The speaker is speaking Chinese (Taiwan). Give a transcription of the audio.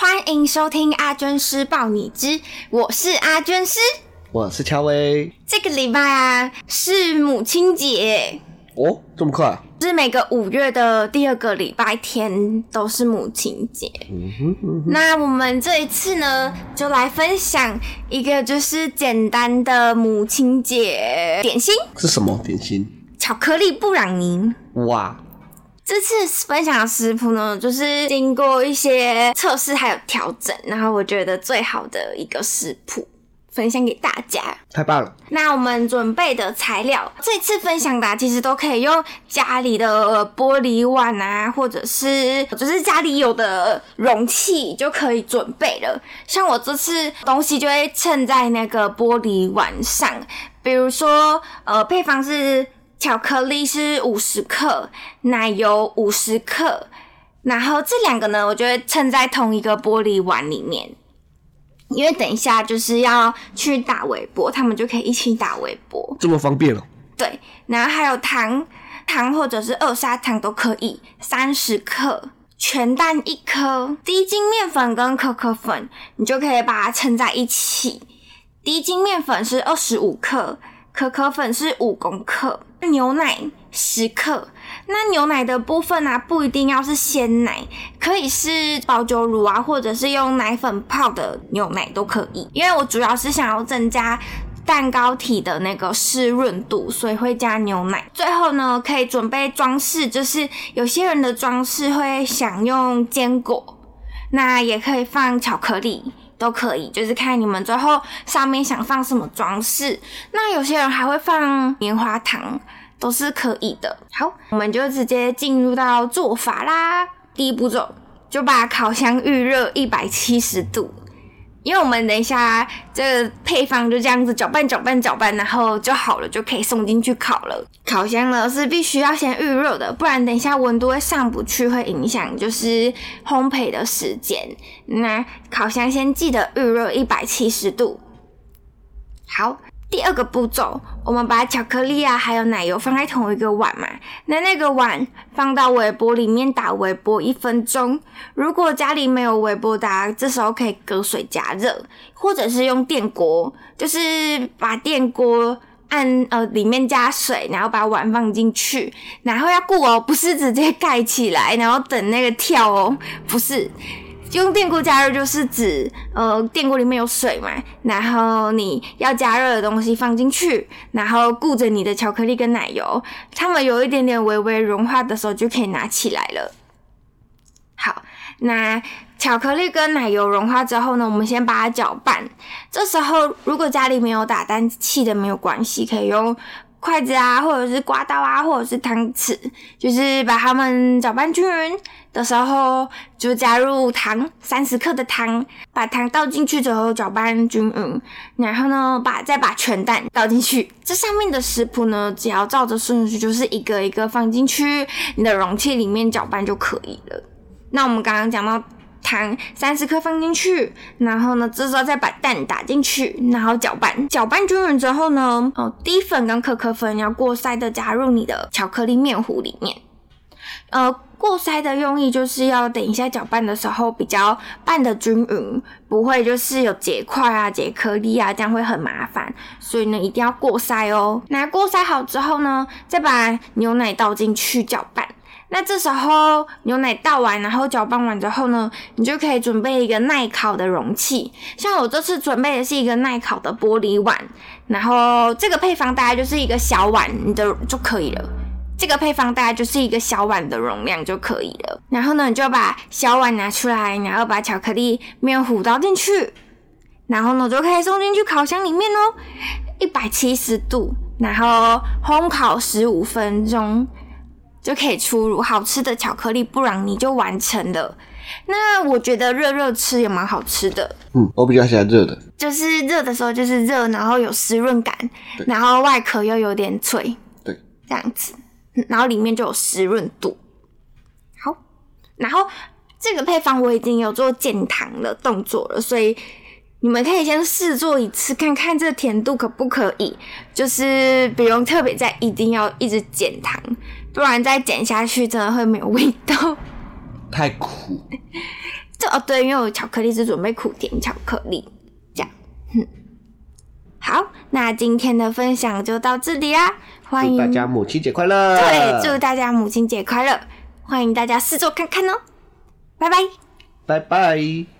歡迎收聽《阿涓師報你知》，我是阿涓師，我是喬薇。這個禮拜啊是母親節哦，這麼快？是每個五月的第二個禮拜天都是母親節，嗯哼？嗯哼，那我們這一次呢，就來分享一個就是簡單的母親節點心。是什麼點心？巧克力布朗尼哇。這次分享的食譜呢，就是經過一些測試還有調整，然後我覺得最好的一個食譜分享給大家。太棒了。那我們準備的材料，這次分享的、啊、其實都可以用家裡的玻璃碗啊，或者是就是家裡有的容器就可以準備了。像我這次東西就會盛在那個玻璃碗上，比如說呃，配方是。巧克力是五十克，奶油五十克，然後這兩個呢，我就會稱在同一個玻璃碗裡面，因為等一下就是要去打微波，他們就可以一起打微波，這麼方便哦！對，然後還有糖，糖或者是二砂糖都可以，三十克，全蛋一顆，低筋麵粉跟可可粉，你就可以把它稱在一起，低筋麵粉是二十五克。可可粉是五公克，牛奶十克。那牛奶的部分呢、啊，不一定要是鮮奶，可以是保久乳啊，或者是用奶粉泡的牛奶都可以。因為我主要是想要增加蛋糕體的那個濕潤度，所以會加牛奶。最後呢，可以準備裝飾，就是有些人的裝飾會想用堅果，那也可以放巧克力。都可以，就是看你們最後上面想放什麼裝飾。那有些人還會放棉花糖，都是可以的。好，我們就直接進入到做法啦。第一步驟，就把烤箱預熱一百七十度。因為我們等一下這個配方就這樣子攪拌、攪拌、攪拌，然後就好了，就可以送進去烤了。烤箱呢是必須要先預熱的，不然等一下溫度會上不去，會影響就是烘焙的時間。那烤箱先記得預熱一百七十度。好。第二個步驟，我們把巧克力啊，還有奶油放在同一個碗嘛。那那個碗放到微波裡面打微波一分鐘。如果家裡沒有微波打，這時候可以隔水加熱，或者是用電鍋，就是把電鍋按呃裡面加水，然後把碗放進去，然後要顧哦，不是直接蓋起來，然後等那個跳哦，不是。就用電鍋加熱就是指，呃，電鍋裡面有水嘛，然後你要加熱的東西放進去，然後顧着你的巧克力跟奶油，它們有一點點微微融化的時候就可以拿起來了。好，那巧克力跟奶油融化之後呢，我們先把它攪拌。這時候如果家裡沒有打蛋器的沒有關係，可以用。筷子啊，或者是刮刀啊，或者是湯匙，就是把它們攪拌均勻的時候，就加入糖三十克的糖，把糖倒進去之後攪拌均勻，然後呢，把再把全蛋倒進去。這上面的食譜呢，只要照着順序，就是一個一個放進去，你的容器裡面攪拌就可以了。那我們剛剛講到。糖三十克放進去，然後呢，這時候再把蛋打進去，然後攪拌，攪拌均勻之後呢，哦，低粉跟可可粉要過篩的加入你的巧克力面糊裡面。呃，過篩的用意就是要等一下攪拌的時候比較拌得均勻，不會就是有結塊啊、結顆粒啊，這樣會很麻煩，所以呢，一定要過篩哦、喔。拿過篩好之後呢，再把牛奶倒進去攪拌。那這時候牛奶倒完，然後攪拌完之後呢，你就可以準備一個耐烤的容器，像我這次準備的是一個耐烤的玻璃碗。然後這個配方大概就是一個小碗的就可以了。這個配方大概就是一個小碗的容量就可以了。然後呢，你就把小碗拿出來，然後把巧克力麵糊倒進去，然後呢就可以送進去烤箱裡面喔，一百七十度，然後烘烤十五分鐘。就可以出爐，好吃的巧克力布朗尼就完成了。那我覺得熱熱吃也蠻好吃的。嗯，我比較喜歡熱的，就是熱的時候就是熱，然後有濕潤感，然後外殼又有點脆，對，這樣子，然後裡面就有濕潤度。好，然後這個配方我已經有做減糖的動作了，所以。你們可以先試做一次看看，看看這甜度可不可以，就是不用特別在意，一定要一直減糖，不然再減下去真的會沒有味道，太苦。這 哦對，因為我巧克力是準備苦甜巧克力，這樣，嗯。好，那今天的分享就到這裡啦。歡迎祝大家母親節快樂！對，祝大家母親節快樂！歡迎大家試做看看哦，喔。拜拜。拜拜。